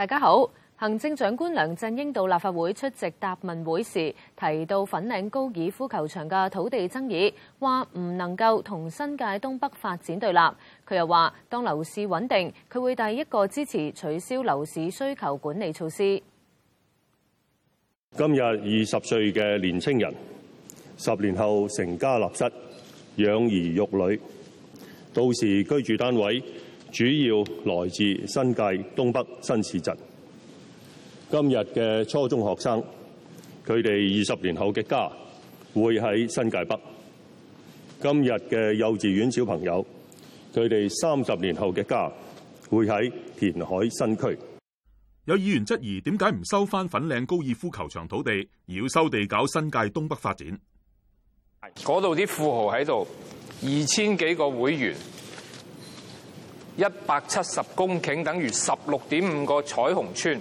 大家好，行政長官梁振英到立法會出席答問會時，提到粉嶺高爾夫球場嘅土地爭議，話唔能夠同新界東北發展對立。佢又話，當樓市穩定，佢會第一個支持取消樓市需求管理措施。今日二十歲嘅年青人，十年後成家立室，養兒育女，到時居住單位。主要來自新界東北新市鎮。今日嘅初中學生，佢哋二十年後嘅家會喺新界北。今日嘅幼稚園小朋友，佢哋三十年後嘅家會喺填海新區。有議員質疑點解唔收返粉嶺高爾夫球場土地，而要收地搞新界東北發展？嗰度啲富豪喺度，二千幾個會員。一百七十公頃等於十六點五個彩虹邨，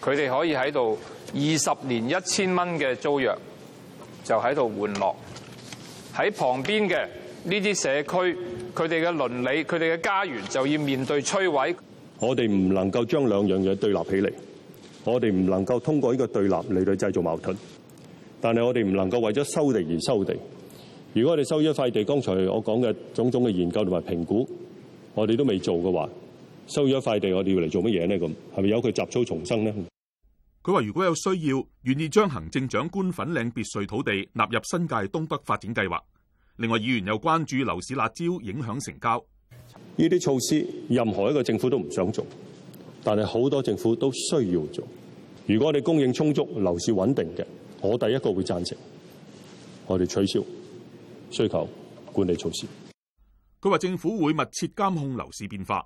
佢哋可以喺度二十年一千蚊嘅租約就喺度玩樂。喺旁邊嘅呢啲社區，佢哋嘅倫理、佢哋嘅家園就要面對摧毀。我哋唔能夠將兩樣嘢對立起嚟，我哋唔能夠通過呢個對立嚟到製造矛盾，但係我哋唔能夠為咗收地而收地。如果我哋收咗一塊地，剛才我講嘅種種嘅研究同埋評估，我哋都未做嘅話，收咗一塊地我，我哋要嚟做乜嘢咧？咁係咪由佢雜草叢生咧？佢話如果有需要，願意將行政長官粉嶺別墅土地納入新界東北發展計劃。另外，議員又關注樓市辣椒影響成交。呢啲措施，任何一個政府都唔想做，但係好多政府都需要做。如果我哋供應充足，樓市穩定嘅，我第一個會贊成，我哋取消。需求管理措施。佢話政府會密切監控樓市變化。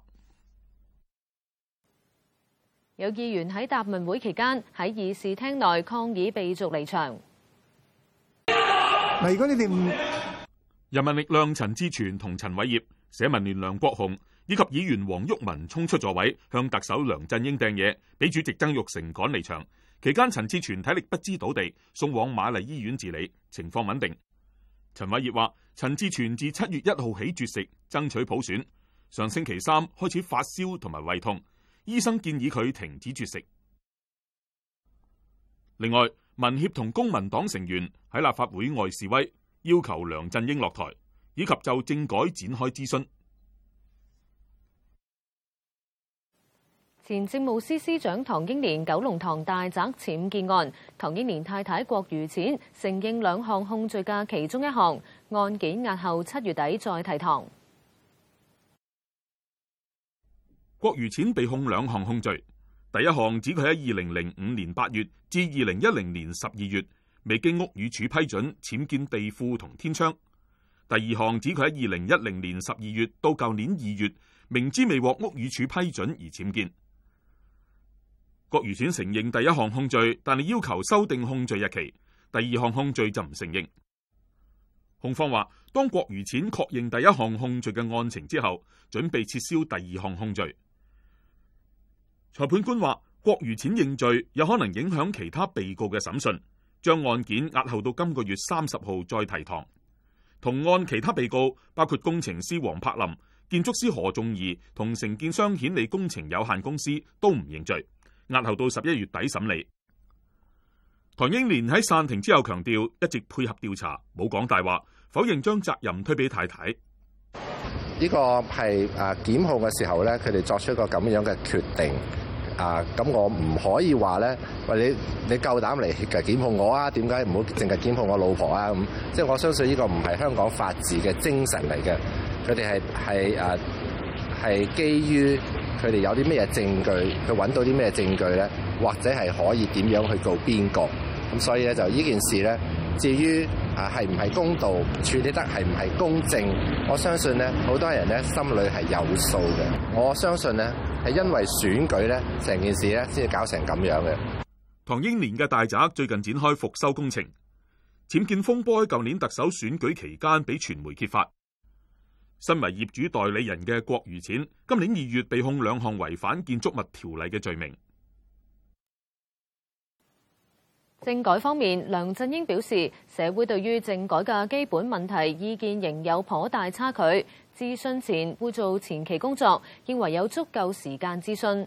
有議員喺答問會期間喺議事廳內抗議被逐離場。嗱，如果你哋人民力量陳志全同陳偉業、社民聯梁國雄以及議員黃毓民衝出座位，向特首梁振英掟嘢，俾主席曾鈺成趕離場。期間陳志全體力不支倒地，送往瑪麗醫院治理，情況穩定。陳偉業話，陳志全自七月一號起絕食，爭取普選。上星期三開始發燒同埋胃痛，醫生建議佢停止絕食。另外，民協同公民黨成員喺立法會外示威，要求梁振英落台，以及就政改展開諮詢。前政務司司長唐英年九龍塘大宅僭建案，唐英年太太郭妤淺承認兩項控罪嘅其中一項，案件押後七月底再提堂。郭妤淺被控兩項控罪，第一項指佢喺二零零五年八月至二零一零年十二月未經屋宇署批准僭建地庫同天窗；第二項指佢喺二零一零年十二月到舊年二月明知未獲屋宇署批准而僭建。郭妤淺承認第一項控罪，但係要求修訂控罪日期。第二項控罪就唔承認。控方話，當郭妤淺確認第一項控罪嘅案情之後，準備撤銷第二項控罪。裁判官話，郭妤淺認罪有可能影響其他被告嘅審訊，將案件押後到今個月三十號再提堂。同案其他被告包括工程師王柏林、建築師何仲儀同承建商顯利工程有限公司都唔認罪。押後到十一月底審理。唐英年喺散庭之後強調，一直配合調查，冇講大話，否認將責任推俾太太。呢個係誒檢控嘅時候咧，佢哋作出一個咁樣嘅決定。啊，咁我唔可以話咧，喂你你夠膽嚟檢控我啊？點解唔好淨係檢控我老婆啊？咁即係我相信呢個唔係香港法治嘅精神嚟嘅。佢哋係係誒係基於。佢哋有啲咩嘢證據？佢揾到啲咩嘢證據咧？或者係可以點樣去告邊個？咁所以咧，就呢件事呢，至於啊係唔係公道，處理得係唔係公正？我相信呢，好多人呢，心裏係有數嘅。我相信呢，係因為選舉呢，成件事呢，先至搞成咁樣嘅。唐英年嘅大宅最近展開復修工程，僭建風波喺舊年特首選舉期間俾傳媒揭發。身為業主代理人嘅郭妤淺，今年二月被控兩項違反建築物條例嘅罪名。政改方面，梁振英表示，社會對於政改嘅基本問題意見仍有頗大差距。諮詢前會做前期工作，認為有足夠時間諮詢。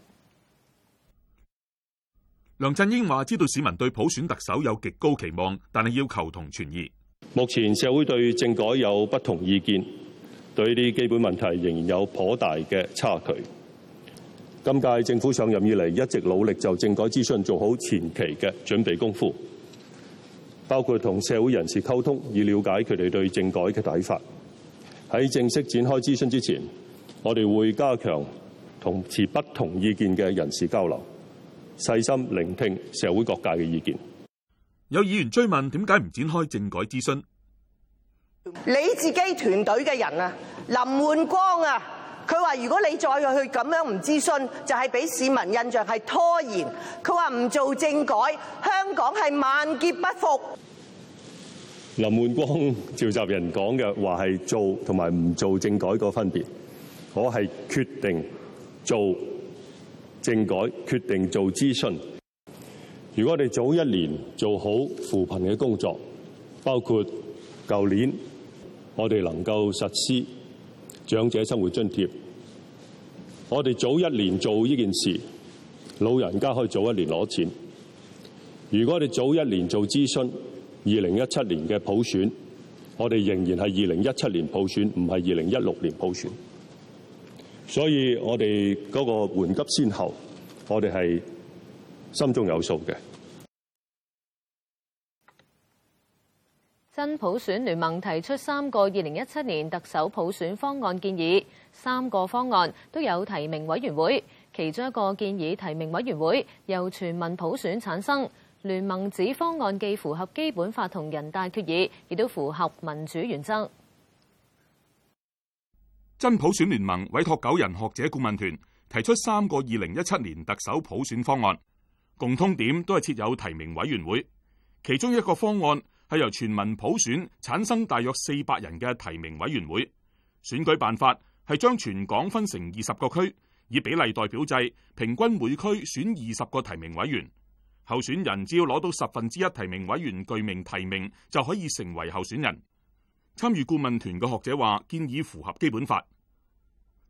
梁振英話，知道市民對普選特首有極高期望，但係要求同存異。目前社會對政改有不同意見。對呢啲基本問題仍然有頗大嘅差距。今屆政府上任以嚟一直努力就政改諮詢做好前期嘅準備功夫，包括同社會人士溝通，以了解佢哋對政改嘅睇法。喺正式展開諮詢之前，我哋會加強同持不同意見嘅人士交流，細心聆聽社會各界嘅意見。有議員追問點解唔展開政改諮詢？你自己團隊嘅人啊，林煥光啊，佢話如果你再去咁樣唔諮詢，就係俾市民印象係拖延。佢話唔做政改，香港係萬劫不復。林煥光召集人講嘅話係做同埋唔做政改個分別，我係決定做政改，決定做諮詢。如果我哋早一年做好扶貧嘅工作，包括舊年。我哋能夠實施長者生活津貼，我哋早一年做呢件事，老人家可以早一年攞錢。如果我哋早一年做諮詢，二零一七年嘅普選，我哋仍然係二零一七年普選，唔係二零一六年普選。所以我哋嗰個緩急先後，我哋係心中有數嘅。真普選聯盟提出三個二零一七年特首普選方案建議，三個方案都有提名委員會。其中一個建議提名委員會由全民普選產生。聯盟指方案既符合基本法同人大決議，亦都符合民主原則。真普選聯盟委託九人學者顧問團提出三個二零一七年特首普選方案，共通點都係設有提名委員會。其中一個方案，係由全民普選產生大約四百人嘅提名委員會。選舉辦法係將全港分成二十個區，以比例代表制，平均每區選二十個提名委員。候選人只要攞到十分之一提名委員具名提名，就可以成為候選人。參與顧問團嘅學者話建議符合基本法。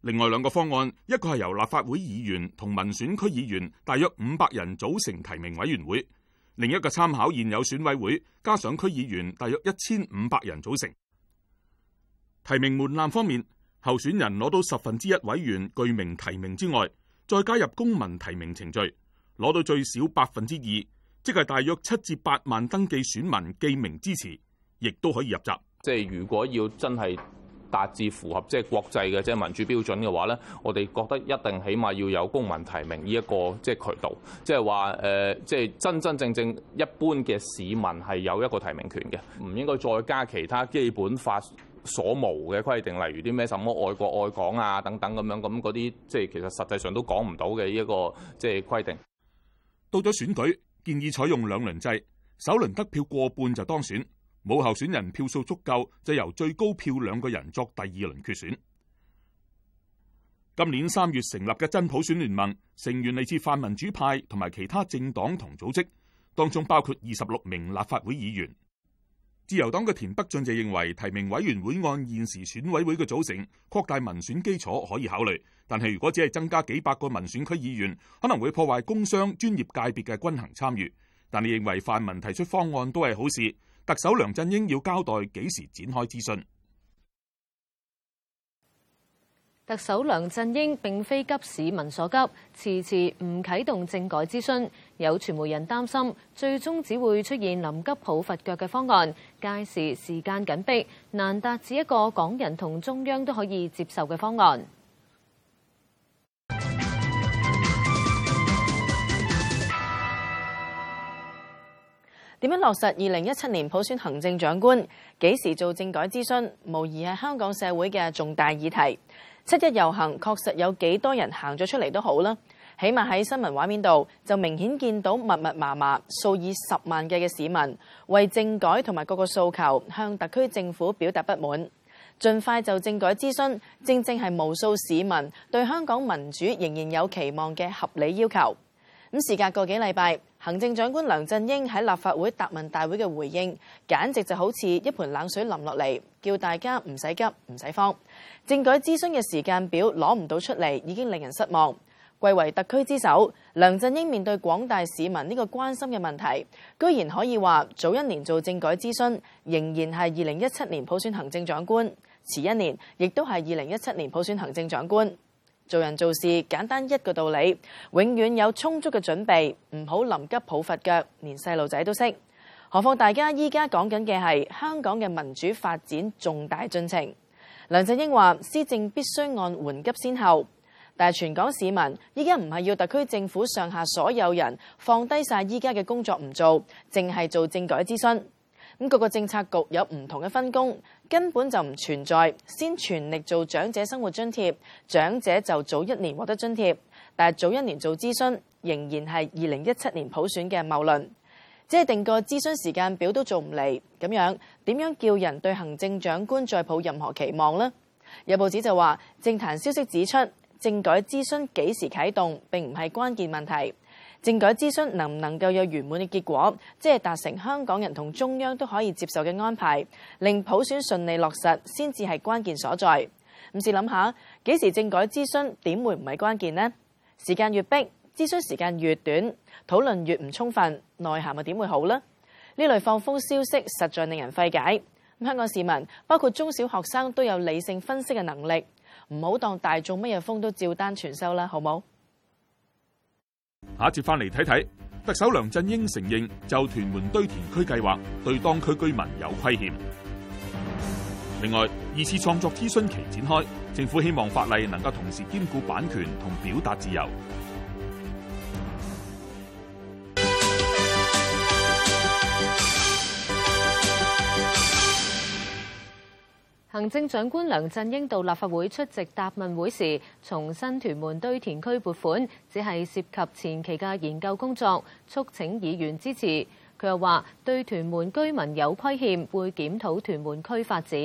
另外兩個方案，一個係由立法會議員同民選區議員大約五百人組成提名委員會。另一個參考現有選委會，加上區議員大約一千五百人組成。提名門檻方面，候選人攞到十分之一委員具名提名之外，再加入公民提名程序，攞到最少百分之二，即係大約七至八萬登記選民記名支持，亦都可以入閘。即係如果要真係。達至符合即係國際嘅即係民主標準嘅話咧，我哋覺得一定起碼要有公民提名呢一個即係渠道，即係話誒即係真真正正一般嘅市民係有一個提名權嘅，唔應該再加其他基本法所無嘅規定，例如啲咩什麼愛國愛港啊等等咁樣咁嗰啲即係其實實際上都講唔到嘅一個即係規定。到咗選舉，建議採用兩輪制，首輪得票過半就當選。冇候選人票數足夠，就由最高票兩個人作第二輪決選。今年三月成立嘅真普選聯盟成員嚟自泛民主派同埋其他政黨同組織，當中包括二十六名立法會議員。自由黨嘅田北俊就認為，提名委員會按現時選委會嘅組成擴大民選基礎可以考慮，但係如果只係增加幾百個民選區議員，可能會破壞工商專業界別嘅均衡參與。但佢認為泛民提出方案都係好事。特首梁振英要交代幾時展開諮詢。特首梁振英並非急市民所急，遲遲唔啟動政改諮詢，有傳媒人擔心，最終只會出現臨急抱佛腳嘅方案。屆時時間緊迫，難達至一個港人同中央都可以接受嘅方案。點樣落實二零一七年普選行政長官？幾時做政改諮詢？無疑係香港社會嘅重大議題。七一遊行確實有幾多人行咗出嚟，都好啦，起碼喺新聞畫面度就明顯見到密密麻麻數以十萬計嘅市民為政改同埋各個訴求向特區政府表達不滿。盡快就政改諮詢，正正係無數市民對香港民主仍然有期望嘅合理要求。咁事隔個幾禮拜，行政長官梁振英喺立法會答問大會嘅回應，簡直就好似一盆冷水淋落嚟，叫大家唔使急，唔使慌。政改諮詢嘅時間表攞唔到出嚟，已經令人失望。貴為特區之首，梁振英面對廣大市民呢個關心嘅問題，居然可以話早一年做政改諮詢，仍然係二零一七年普選行政長官；遲一年，亦都係二零一七年普選行政長官。做人做事簡單一個道理，永遠有充足嘅準備，唔好臨急抱佛腳。連細路仔都識，何況大家依家講緊嘅係香港嘅民主發展重大進程。梁振英話施政必須按緩急先後，但係全港市民依家唔係要特區政府上下所有人放低晒依家嘅工作唔做，淨係做政改諮詢。咁各個政策局有唔同嘅分工，根本就唔存在。先全力做長者生活津貼，長者就早一年獲得津貼，但係早一年做諮詢，仍然係二零一七年普選嘅謬論。只係定個諮詢時間表都做唔嚟，咁樣點樣叫人對行政長官再抱任何期望呢？有報紙就話，政壇消息指出，政改諮詢幾時啟動，並唔係關鍵問題。政改諮詢能唔能夠有圓滿嘅結果，即係達成香港人同中央都可以接受嘅安排，令普選順利落實，先至係關鍵所在。唔試諗下，幾時政改諮詢點會唔係關鍵呢？時間越逼，諮詢時間越短，討論越唔充分，內涵又點會好呢？呢類放風消息實在令人費解。香港市民，包括中小學生都有理性分析嘅能力，唔好當大眾乜嘢風都照單全收啦，好冇？下一節翻嚟睇睇，特首梁振英承認就屯門堆填區計劃對當區居民有虧欠。另外，二次創作諮詢期展開，政府希望法例能夠同時兼顧版權同表達自由。行政長官梁振英到立法會出席答問會時，重申屯門堆填區撥款只係涉及前期嘅研究工作，促請議員支持。佢又話對屯門居民有虧欠，會檢討屯門區發展。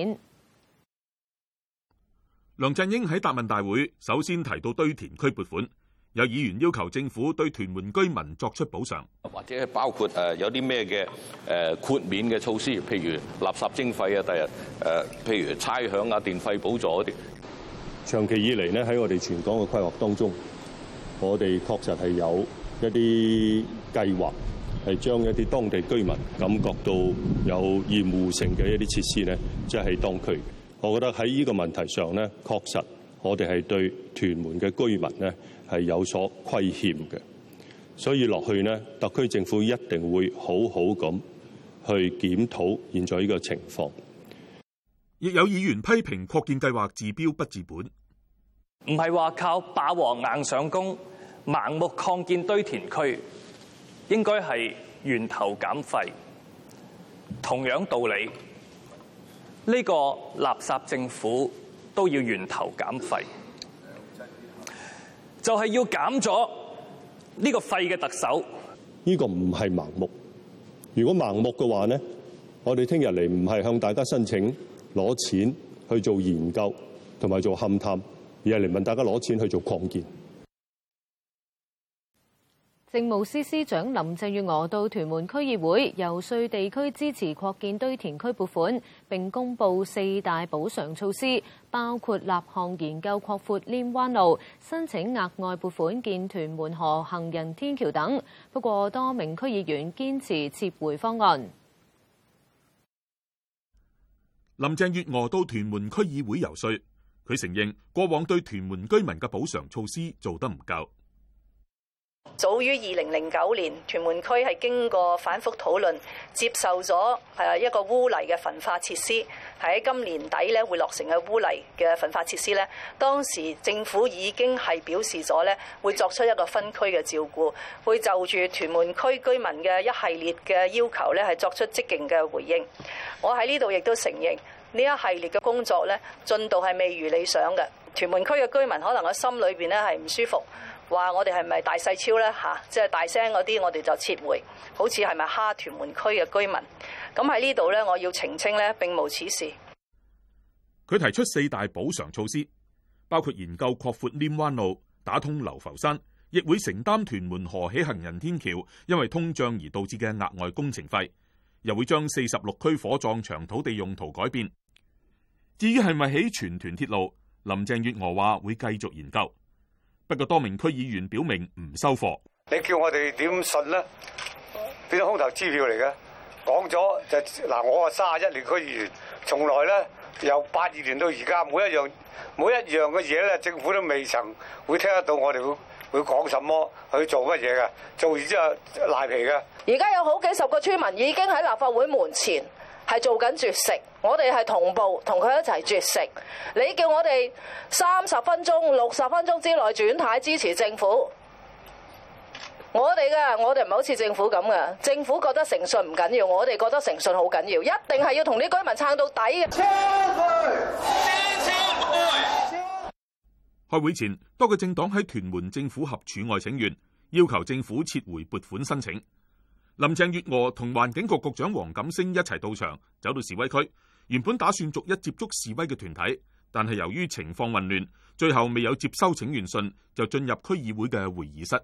梁振英喺答問大會首先提到堆填區撥款。有議員要求政府對屯門居民作出補償，或者係包括誒有啲咩嘅誒豁免嘅措施，譬如垃圾徵費啊，第日誒，譬如差餉啊、電費補助嗰啲。長期以嚟呢，喺我哋全港嘅規劃當中，我哋確實係有一啲計劃，係將一啲當地居民感覺到有厭惡性嘅一啲設施呢，即係喺當區。我覺得喺呢個問題上呢，確實我哋係對屯門嘅居民呢。係有所虧欠嘅，所以落去呢，特區政府一定會好好咁去檢討現在呢個情況。亦有議員批評擴建計劃治標不治本，唔係話靠霸王硬上弓、盲目擴建堆填區，應該係源頭減廢。同樣道理，呢個垃圾政府都要源頭減廢。就係要減咗呢個廢嘅特首，呢個唔係盲目。如果盲目嘅話咧，我哋聽日嚟唔係向大家申請攞錢去做研究同埋做勘探，而係嚟問大家攞錢去做擴建。政務司司長林鄭月娥到屯門區議會遊說地區支持擴建堆填區撥款，並公布四大補償措施，包括立項研究擴闊稔灣路、申請額外撥款建屯門河行人天橋等。不過，多名區議員堅持撤回方案。林鄭月娥到屯門區議會遊說，佢承認過往對屯門居民嘅補償措施做得唔夠。早於二零零九年，屯門區係經過反覆討論，接受咗誒一個污泥嘅焚化設施，喺今年底咧會落成嘅污泥嘅焚化設施咧。當時政府已經係表示咗咧會作出一個分區嘅照顧，會就住屯門區居民嘅一系列嘅要求咧係作出積極嘅回應。我喺呢度亦都承認呢一系列嘅工作咧進度係未如理想嘅，屯門區嘅居民可能喺心裏邊咧係唔舒服。話我哋係咪大細超呢？嚇、啊，即、就、係、是、大聲嗰啲，我哋就撤回。好似係咪蝦屯門區嘅居民？咁喺呢度呢，我要澄清呢，並無此事。佢提出四大補償措施，包括研究擴闊稔灣路、打通流浮山，亦會承擔屯門河起行人天橋因為通脹而導致嘅額外工程費，又會將四十六區火葬場土地用途改變。至於係咪起全屯鐵路，林鄭月娥話會繼續研究。不過，多名區議員表明唔收貨。你叫我哋點信咧？變空頭支票嚟嘅，講咗就嗱，我啊卅一年區議員，從來咧由八二年到而家，每一樣每一樣嘅嘢咧，政府都未曾會聽得到我哋會會講什麼去做乜嘢嘅，做完之後賴皮嘅。而家有好幾十個村民已經喺立法會門前。係做緊絕食，我哋係同步同佢一齊絕食。你叫我哋三十分鐘、六十分鐘之內轉態支持政府，我哋嘅我哋唔係好似政府咁嘅。政府覺得誠信唔緊要，我哋覺得誠信好緊要，一定係要同啲居民撐到底嘅。開會前，多個政黨喺屯門政府合署外請願，要求政府撤回撥款申請。林鄭月娥同環境局局長黃錦星一齊到場，走到示威區。原本打算逐一接觸示威嘅團體，但係由於情況混亂，最後未有接收請願信，就進入區議會嘅會議室。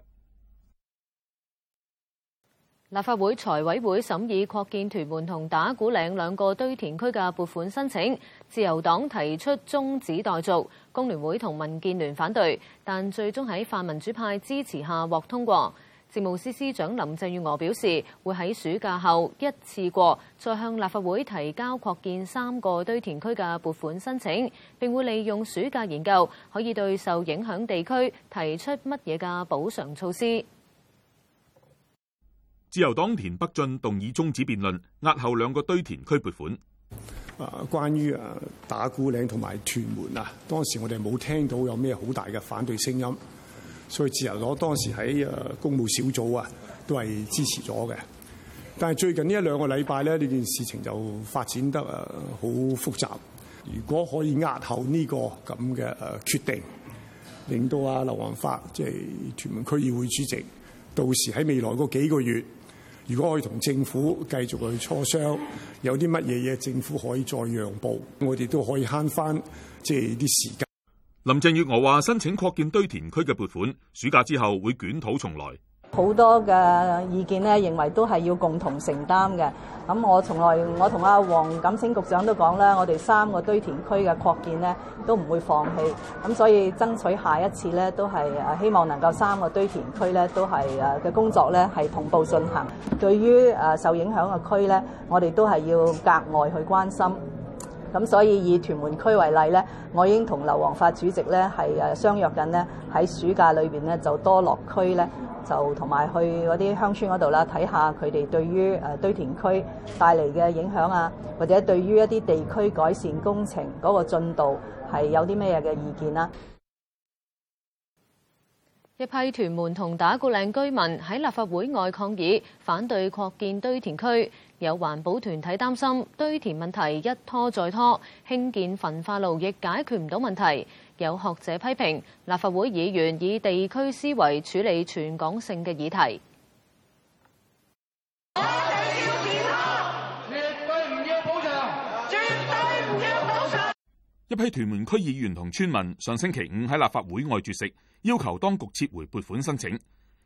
立法會財委會審議擴建屯門同打鼓嶺兩個堆填區嘅撥款申請，自由黨提出中止待續，工聯會同民建聯反對，但最終喺泛民主派支持下獲通過。政務司司長林鄭月娥表示，會喺暑假後一次過再向立法會提交擴建三個堆填區嘅撥款申請，並會利用暑假研究，可以對受影響地區提出乜嘢嘅補償措施。自由黨田北俊動議終止辯論，押後兩個堆填區撥款。啊，關於啊打鼓嶺同埋屯門啊，當時我哋冇聽到有咩好大嘅反對聲音。所以自由黨當時喺誒公務小組啊，都係支持咗嘅。但係最近呢一兩個禮拜咧，呢件事情就發展得誒好複雜，如果可以押後呢個咁嘅誒決定，令到阿劉皇發即係、就是、屯門區議會主席，到時喺未來幾個月，如果可以同政府繼續去磋商，有啲乜嘢嘢政府可以再讓步，我哋都可以慳翻即係啲時間。林鄭月娥話：申請擴建堆填區嘅撥款，暑假之後會捲土重來。好多嘅意見咧，認為都係要共同承擔嘅。咁我從來，我同阿黃錦星局長都講啦，我哋三個堆填區嘅擴建咧，都唔會放棄。咁所以爭取下一次咧，都係希望能夠三個堆填區咧，都係誒嘅工作咧係同步進行。對於誒受影響嘅區咧，我哋都係要格外去關心。咁所以以屯門區為例咧，我已經同劉皇發主席咧係誒相約緊呢，喺暑假裏邊咧就多落區咧，就同埋去嗰啲鄉村嗰度啦，睇下佢哋對於誒堆填區帶嚟嘅影響啊，或者對於一啲地區改善工程嗰個進度係有啲咩嘅意見啦啊。一批屯門同打鼓嶺居民喺立法會外抗議，反對擴建堆填區。有環保團體擔心堆填問題一拖再拖，興建焚化爐亦解決唔到問題。有學者批評立法會議員以地區思維處理全港性嘅議題我要。一批屯門區議員同村民上星期五喺立法會外絕食，要求當局撤回撥款申請。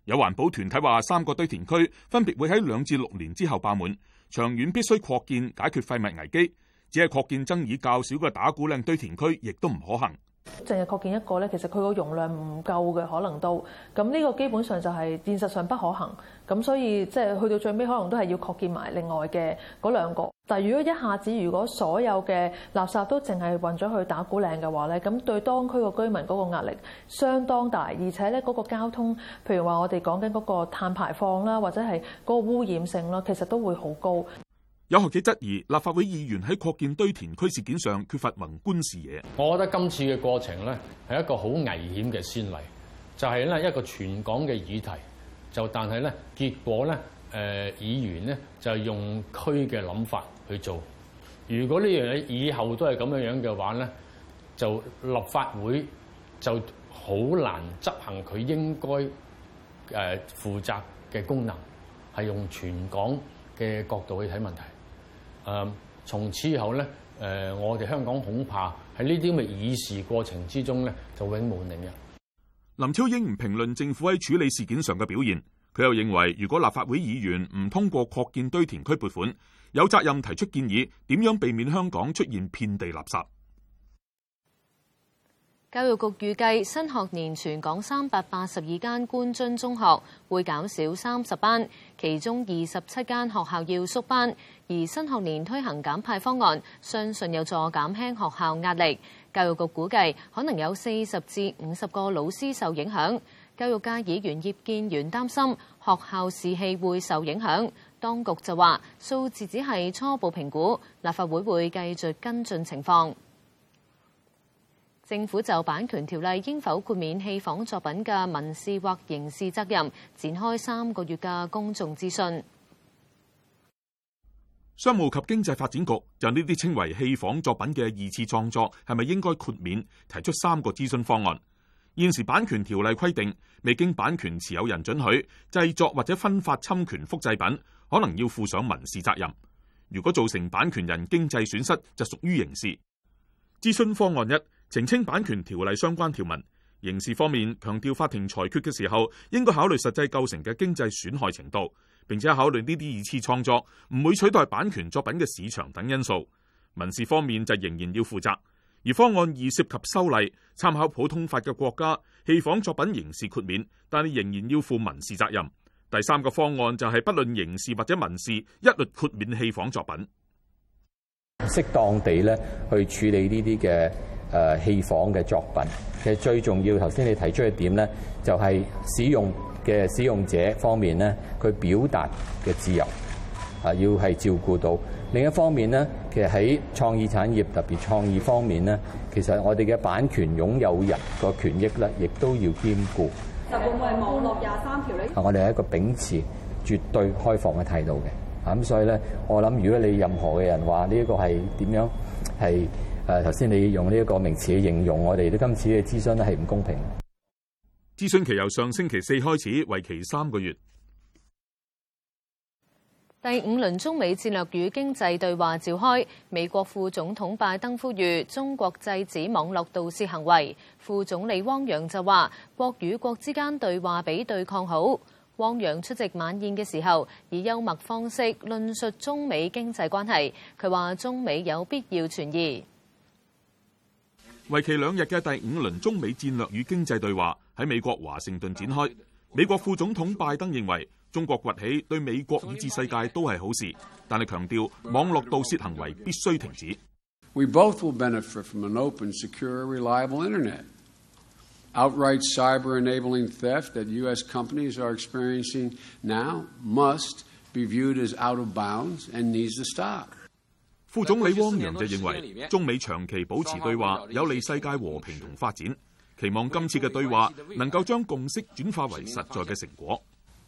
有環保團體話，三個堆填區分別會喺兩至六年之後爆滿。長遠必須擴建，解決廢物危機。只係擴建爭議較少嘅打鼓嶺堆填區亦都唔可行。淨係擴建一個呢，其實佢個容量唔夠嘅可能都，咁呢個基本上就係現實上不可行。咁所以即係去到最尾，可能都係要擴建埋另外嘅嗰兩個。但如果一下子如果所有嘅垃圾都淨係運咗去打鼓嶺嘅話呢，咁對當區個居民嗰個壓力相當大，而且呢，嗰個交通，譬如話我哋講緊嗰個碳排放啦，或者係嗰個污染性啦，其實都會好高。有學者質疑立法會議員喺擴建堆填區事件上缺乏宏觀視野。我覺得今次嘅過程咧係一個好危險嘅先例，就係、是、咧一個全港嘅議題，就但係咧結果咧誒、呃、議員咧就用區嘅諗法去做。如果呢樣嘢以後都係咁樣樣嘅話咧，就立法會就好難執行佢應該誒負責嘅功能，係用全港嘅角度去睇問題。誒、呃，從此以後咧、呃，我哋香港恐怕喺呢啲咁嘅議事過程之中咧，就永無寧日。林超英唔評論政府喺處理事件上嘅表現，佢又認為，如果立法會議員唔通過擴建堆填區撥款，有責任提出建議，點樣避免香港出現遍地垃圾。教育局預計新學年全港三百八十二間官津中學會減少三十班，其中二十七間學校要縮班。而新學年推行減派方案，相信，信有助減輕學校壓力。教育局估計可能有四十至五十個老師受影響，教育界議員葉建源擔心學校士氣會受影響，當局就話數字只係初步評估，立法會會繼續跟進情況。政府就版權條例應否豁免戲仿作品嘅民事或刑事責任，展開三個月嘅公眾諮詢。商務及經濟發展局就呢啲稱為戲仿作品嘅二次創作係咪應該豁免，提出三個諮詢方案。現時版權條例規定，未經版權持有人准許製作或者分發侵權複製品，可能要負上民事責任。如果造成版權人經濟損失，就屬於刑事。諮詢方案一，澄清版權條例相關條文，刑事方面強調法庭裁決嘅時候應該考慮實際構成嘅經濟損害程度，並且考慮呢啲二次創作唔會取代版權作品嘅市場等因素。民事方面就仍然要負責。而方案二涉及修例，參考普通法嘅國家，戲仿作品刑事豁免，但係仍然要負民事責任。第三個方案就係不論刑事或者民事，一律豁免戲仿作品。適當地咧去處理呢啲嘅。誒戲房嘅作品，其實最重要頭先你提出的一點咧，就係使用嘅使用者方面咧，佢表達嘅自由啊，要係照顧到另一方面咧，其實喺創意產業特別創意方面咧，其實我哋嘅版權擁有人個權益咧，亦都要兼顧。就係咪網絡廿三條咧？我哋係一個秉持絕對開放嘅態度嘅，咁所以咧，我諗如果你任何嘅人話呢一個係點樣係？誒頭先，你用呢一個名詞嚟形容我哋，對今次嘅諮詢都係唔公平。諮詢期由上星期四開始，為期三個月。第五輪中美戰略與經濟對話召開，美國副總統拜登呼籲中國制止網絡盜竊行為。副總理汪洋就話：國與國之間對話比對抗好。汪洋出席晚宴嘅時候，以幽默方式論述中美經濟關係。佢話：中美有必要存疑。為期兩日嘅第五輪中美戰略與經濟對話喺美國華盛頓展開。美國副總統拜登認為中國崛起對美國以至世界都係好事，但係強調網絡盜竊行為必須停止。We both will 副總理汪洋就認為中美長期保持對話有利世界和平同發展，期望今次嘅對話能夠將共識轉化為實在嘅成果。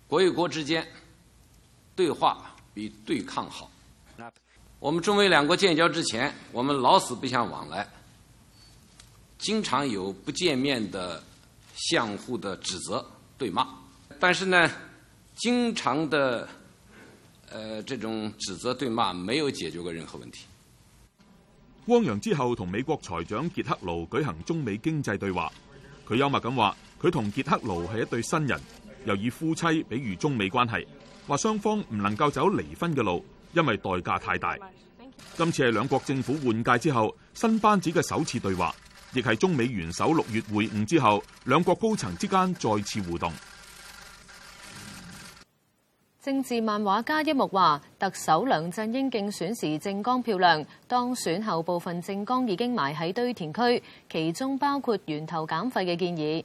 國與國之間對話比對抗好。我們中美兩國建交之前，我們老死不相往來，經常有不見面的相互的指責對罵，但是呢，經常的。呃，這種指責對罵沒有解決過任何問題。汪洋之後同美國財長傑克盧舉行中美經濟對話，佢幽默咁話，佢同傑克盧係一對新人，又以夫妻比喻中美關係，話雙方唔能夠走離婚嘅路，因為代價太大。今次係兩國政府換屆之後新班子嘅首次對話，亦係中美元首六月會晤之後兩國高層之間再次互動。政治漫畫家一木話：特首梁振英競選時政綱漂亮，當選後部分政綱已經埋喺堆填區，其中包括源頭減廢嘅建議。